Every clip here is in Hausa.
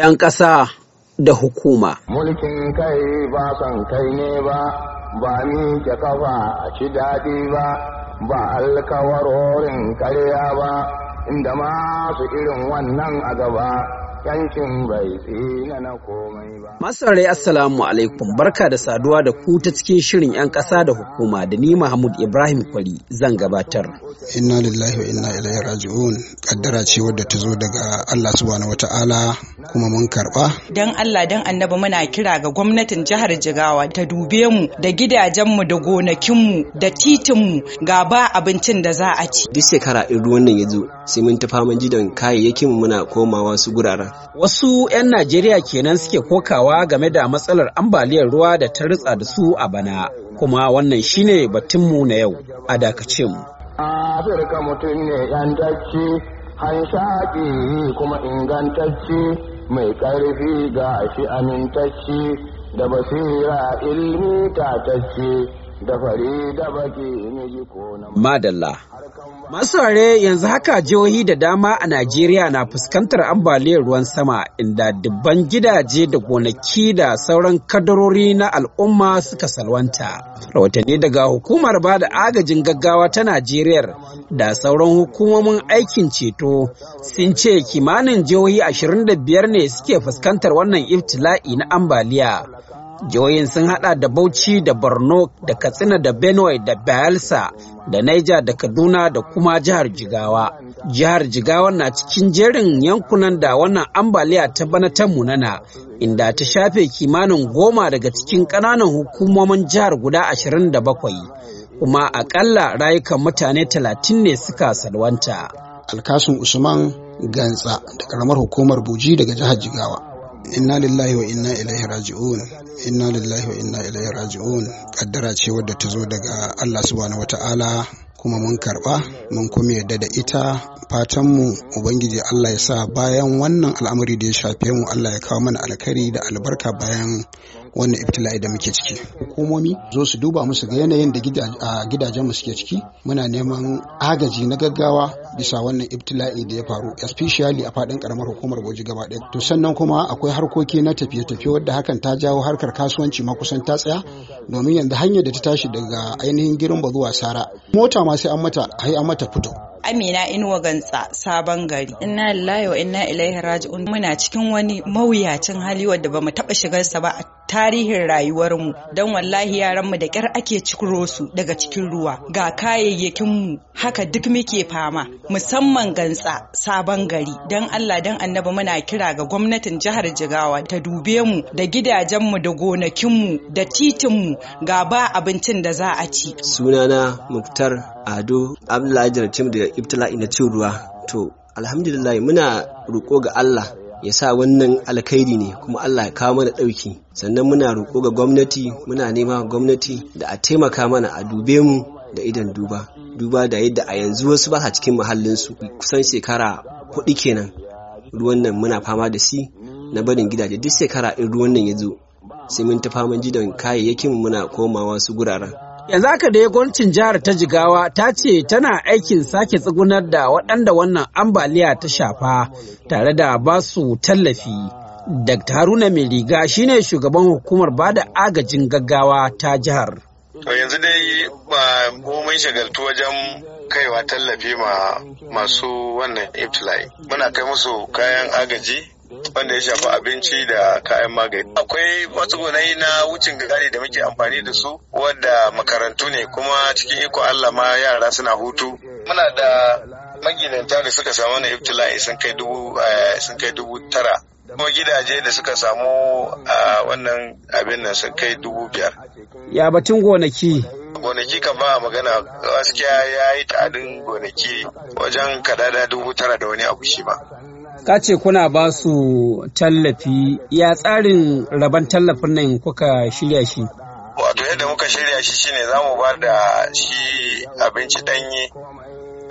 'yan ƙasa da hukuma. Mulkin kai ba son kai ne ba, ba ke kafa a ci daɗi ba, ba alkawarorin karya ba, inda masu irin wannan a gaba. yankin bai tsina na komai ba. Masarai Assalamu alaikum barka da saduwa da ku ta cikin shirin 'yan ƙasa da hukuma da ni Mahmud Ibrahim Kwali zan gabatar. Inna lillahi wa inna ilaihi raji'un kaddara ce wadda ta zo daga Allah subhanahu wata'ala kuma mun karba. Dan Allah dan Annabi muna kira ga gwamnatin jihar Jigawa ta dube mu da gidajenmu da gonakinmu da titinmu ga ba abincin da za a ci. Duk shekara in ruwan nan ya zo sai mun tafa mun ji kayayyakinmu muna komawa su guraren Wasu 'yan Najeriya kenan suke kokawa game da matsalar ambaliyar ruwa da ta ritsa da su a bana. Kuma wannan shine batunmu na yau a dakace mu. Afirka mutum ne 'yantacce, hanshaƙi kuma ingantacce, mai ƙarfi ga shi amintacce, da basira ilmi tatacce. Madalla. Masu yanzu haka jihohi da dama a Najeriya na fuskantar ambaliyar ruwan sama inda dubban gidaje da gonaki da sauran kadarori na al'umma suka salwanta. Rahotanni daga hukumar ba da agajin gaggawa ta Najeriya da sauran hukumomin aikin ceto sun ce kimanin jihohi 25 ne suke fuskantar wannan iftila'i na ambaliya. Jihohin sun hada da Bauchi da Borno da Katsina da Benue da Bayelsa da Niger da Kaduna da kuma jihar Jigawa. Jihar Jigawa na cikin jerin yankunan da wannan ambaliya ta bana ta munana inda ta shafe kimanin goma daga cikin kananan hukumomin jihar guda ashirin da bakwai, kuma akalla rayukan mutane talatin ne suka salwanta. Alkasun Usman Gantsa da ƙaramar hukumar Buji daga jihar Jigawa. inna lillahi wa inna ilaihi raji'un inna lillahi wa inna ilaihi raji'un kaddara ce wadda ta zo daga Allah subhanahu wata'ala kuma mun karba mun kuma yarda da ita fatanmu ubangiji Allah ya sa bayan wannan al'amari da ya shafe mu Allah ya kawo mana alkhairi da albarka bayan wannan ibtila'i da muke ciki hukumomi zo su duba musu ga yanayin da gidajen mu suke ciki muna neman agaji na gaggawa bisa wannan ibtila'i da ya faru especially a faɗin karamar hukumar goji gaba ɗaya to sannan kuma akwai harkoki na tafiye-tafiye wadda hakan ta jawo harkar kasuwanci ma kusan ta tsaya domin yanzu hanyar da ta tashi daga ainihin girin zuwa sara mota ma sai an mata an mata fito Amina Inuwa Gantsa Sabon Gari. Inna lillahi wa inna ilaihi raji'un muna cikin wani mawuyacin hali wanda bamu taba shigar sa ba a tarihin rayuwarmu don wallahi yaranmu da kyar ake cikuro su daga cikin ruwa ga kayayyakinmu haka duk muke fama musamman gantsa sabon gari don Allah don annaba muna kira ga gwamnatin jihar Jigawa ta dube mu da gidajenmu da gonakinmu da titinmu ga ba abincin da za a ci sunana muktar ado abdullahi tim da ibtila'i na cin ruwa to alhamdulillah muna roƙo ga Allah ya sa wannan alkhairi ne kuma Allah ya kawo mana ɗauki sannan muna roƙo ga gwamnati muna nema gwamnati da a taimaka mana a dube mu da idan duba duba da yadda a yanzu wasu ba cikin cikin su kusan shekara hudu kenan ruwan nan muna fama da si na barin gidaje duk shekara in ruwan nan ya zo sai mun ta faman jidan kayayyakin muna komawa su guraren Yanzu haka dai gwamnatin jihar ta Jigawa ta ce tana aikin sake tsugunar da waɗanda wannan ambaliya ta shafa tare da ba su tallafi. Dr. Haruna Mai Riga shine shugaban hukumar ba da agajin gaggawa ta jihar. To yanzu dai ba mun shagaltu wajen kaiwa tallafi ma masu wannan iftila'i. Muna kai musu kayan agaji wanda ya shafi abinci da kayan magani akwai matsugunai na wucin gari da muke amfani da su wadda makarantu ne kuma cikin iko Allah ma yara suna hutu muna da maginanta da suka samu na iftilai eh, sun kai dubu tara kuma gidaje da suka samu a wannan abin nan sun kai dubu biyar ya batun gonaki gonaki kan ba magana gaskiya ya yi ta'adin gonaki wajen kadada dubu tara da wani abu shi ba ka ce kuna ba su tallafi ya tsarin rabon tallafin nan kuka shirya shi wato yadda muka shirya shi shine za mu ba da shi abinci ɗanye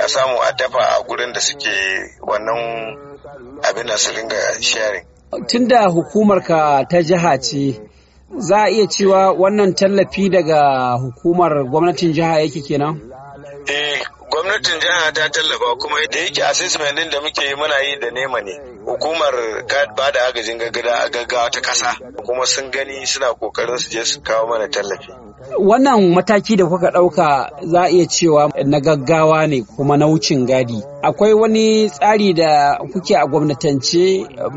a samu a dafa a gurin da suke wannan abin da su ringa sharing tunda hukumar ka ta jiha ce za a iya cewa wannan tallafi daga hukumar gwamnatin jiha yake kenan eh gwamnatin jihar ta tallafa kuma da yake assessment din da muke yi muna yi da nema ne hukumar ba da agajin gaggada a gaggawa ta kasa kuma sun gani suna kokarin su je su kawo mana tallafi wannan mataki da kuka ɗauka za a iya cewa na gaggawa ne kuma na wucin gadi akwai wani tsari da kuke a gwamnatance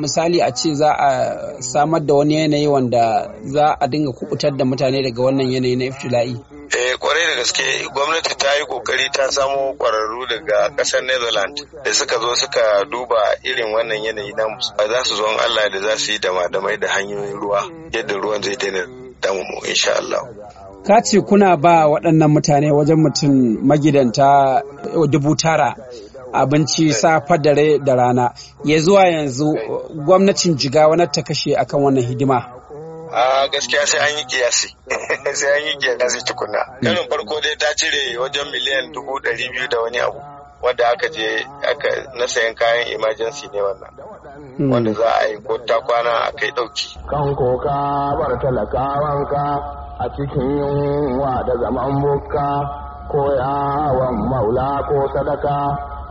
misali a ce za a samar da wani yanayi wanda za a dinga kubutar da mutane daga wannan yanayi na iftila'i Eh kwarai da gaske gwamnati ta yi kokari ta samo kwararru daga kasar Netherlands da suka zo suka duba irin wannan yanayi na za su zo Allah da za su yi dama da hanyoyin ruwa yadda ruwan zai daina damu insha Allah. ka ce kuna ba waɗannan mutane wajen mutum magidanta dubu tara abinci safa dare da rana ya zuwa yanzu gwamnatin jigawa na ta kashe akan wannan hidima a gaskiya sai an yi kiyasi sai an yi kiyasi tukuna karin farko dai ta cire wajen miliyan dubu ɗari biyu da wani abu wanda aka je na sayan kayan emergency ne wannan wanda za a yi ko ta kwana a kai ɗauki kan koka bar talakawanka a cikin yunwa da zaman bukka ko yawon maula ko sadaka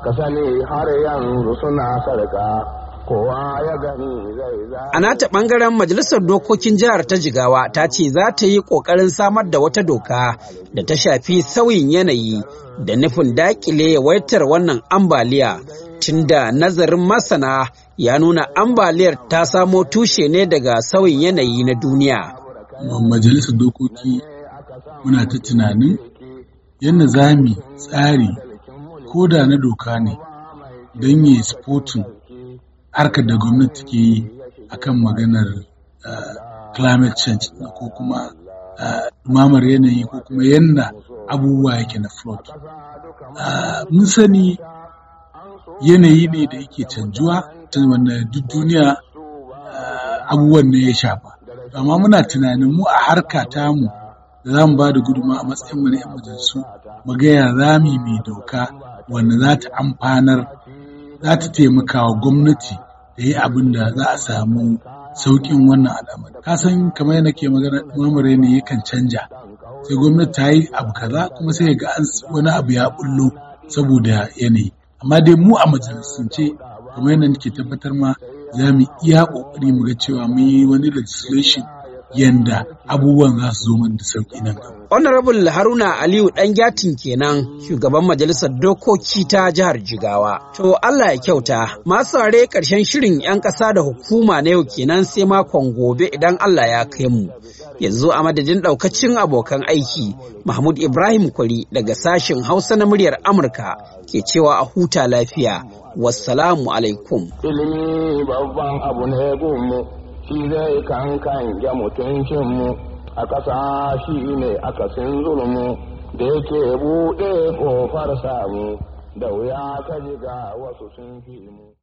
ka sani har yanzu suna sarka A nata ɓangaren Majalisar Dokokin Jihar ta Jigawa ta ce za ta yi ƙoƙarin samar da wata doka da ta shafi sauyin yanayi da nufin daƙile yawaitar wannan ambaliya tunda nazarin masana ya nuna ambaliyar ta samo tushe ne daga sauyin yanayi na duniya. Majalisar Dokoki muna ta tunanin yadda za tsari ko da na doka ne don yi sportin. harkar da gwamnati ke yi a kan maganar ah, climate change ko kuma ah, dumamar yanayi ko kuma yanda abubuwa yake na flood ah, mun sani yanayi ne da yake canjuwa ta wanda duk duniya abubuwan ne ya shafa amma muna tunanin mu a harka tamu da za mu ba da guduma a matsayin na 'yan majalisu mu gaya za mu yi mai doka wanda za ta amfanar za ta taimaka wa gwamnati da yi abin da za a samu sauƙin wannan al'amari ka san kamar yana ke magana mamare ne yakan canja sai gwamnati ta yi abu kaza kuma sai ga an wani abu ya bullo saboda yanayi amma dai mu a majalisance kamar yana ke tabbatar ma za mu iya ƙoƙari mu ga cewa mun yi wani legislation yanda abubuwan za su zo mana da sauƙi nan Honorable Haruna Aliyu ɗan gyatin kenan shugaban majalisar dokoki ta jihar Jigawa. To Allah ya kyauta, masu ware ƙarshen shirin 'yan ƙasa da hukuma na yau kenan sai makon gobe idan Allah ya kai mu. Yanzu a madadin ɗaukacin abokan aiki, Mahmud Ibrahim Kwari daga sashen Hausa na muryar Amurka ke cewa a huta lafiya. Wassalamu alaikum. Ilimi babban abu ne shi zai kankan ya mutuncinmu a ƙasa shi ne akasin zulmu da yake buɗe ƙofar samu da wuya ka ji ga wasu sun fi mu.